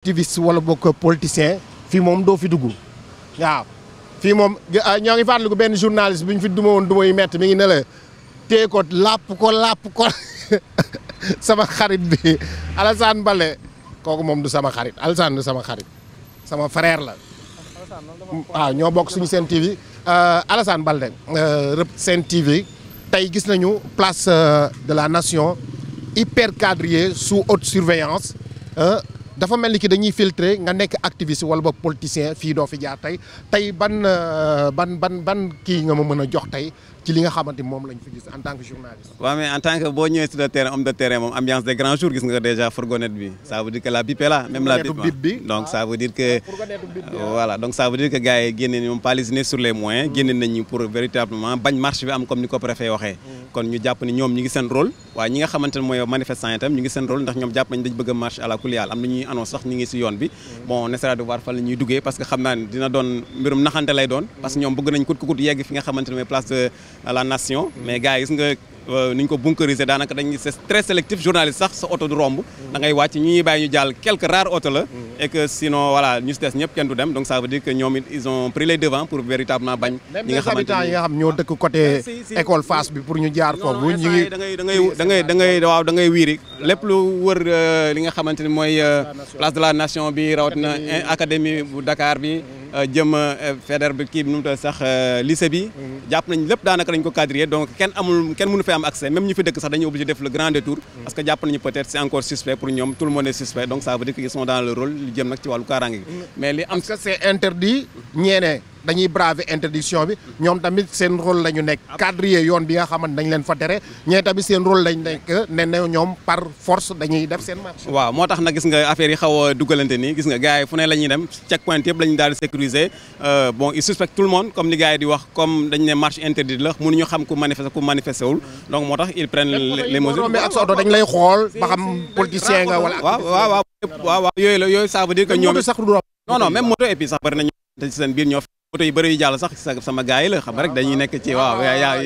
activiste wala bokk politicien fii moom doo fi dugg waaw fii moom ah, ñoo ngi fàttaliku benn journaliste bi ñu fi duma woon duma yu metti mi ngi ne la téye ko làpp ko làpp ko sama xarit bi Alassane Baldé kooku moom du sama xarit Alassane du sama xarit sama frère la waaw ñoo bokk suñu seen TV euh, Alassane Baldé euh, rëp seen TV tey gis nañu place euh, de la nation hyper quadrillée sous haute surveillance dafa mel ni ki dañuy filtrer nga nekk activiste wala ba politicien fii doo fi jaar tey tey ban euh, ban ban ban kii nga ma mën a jox tey ci li nga xamante moom lañ fi gis nga déjà fourgonnette bi ça dire que la bip est la bip donc ça ah. dire que ah, ah. voilà génne nañ moom sur les moyens mm. génne nañu pour véritablement bañ marche bi am comme ni ko préfet waxee mm. kon ñu jàpp ne ñoom ñu ngi seen rôle waaye ñi nga xamante mooy manifestant itam ñu ngi seen rôle ndax ñoom a marche à la kuliyal ñuy annonce sax ñu ngi yoon bi bon on essaiera de voir fan la ñuy duggee parce que xam dina doon mbirum naxante lay doon parce que ñoom bëgg nañ kut kut yegg fi nga xamante ne mooy place de euh, la nation mais gars yi gis euh, ñu ko bunkeriser daanaka dañuy c'est très sélectif journaliste sax sa oto du romb da ngay wàcc ñu ñuy ñu jàll quelques rares oto la et que sinon voilà ñu si des kenn du dem donc ça veut dire que ñoom ils ont pris les devants pour véritablement bañ. ñi nga xamante ne nga xam ñoo dëkk côté école Fass bi pour ñu jaar foofu. ñu da ngay da ngay da ngay da waaw da wiiri lépp lu wër euh, li nga xamante ni mooy euh, place de la nation bi rawatina académie bu Dakar bi. Mm-hmm. Euh, jëm fédère bi kii bi nu sax lycée bi. Mm-hmm. jàpp nañ lépp daanaka dañ ko quadrillé donc kenn amul fee am accès même ñu fi dëkk sax dañuy obligé def le lu jëm nag ci wàllu kaaraange gi mm. mais li am parce que c'est interdit ñeenee dañuy braver interdiction bi ñoom tamit seen rôle la ñu nekk cadrier yoon bi nga xamante dañ leen fa tere ñee tamit seen rôle lañ nekk ne ne ñoom par force dañuy def seen marche waaw moo tax na gis nga affaire yi xaw a dugalante nii gis nga gars yi fu ne la ñuy dem check point yëpp la daal di euh, bon ils suspectent tout monde comme li gars yi di wax comme dañ ne marche interdite la mënuñu xam ku manifester ku manifester wul donc moo tax ils prennent les mesures sa oto dañ lay xool ba xam politicien nga wala oto yu bëri yu jàll sax sama gars yi la xam rek dañuy nekk ci waaw yaa yaa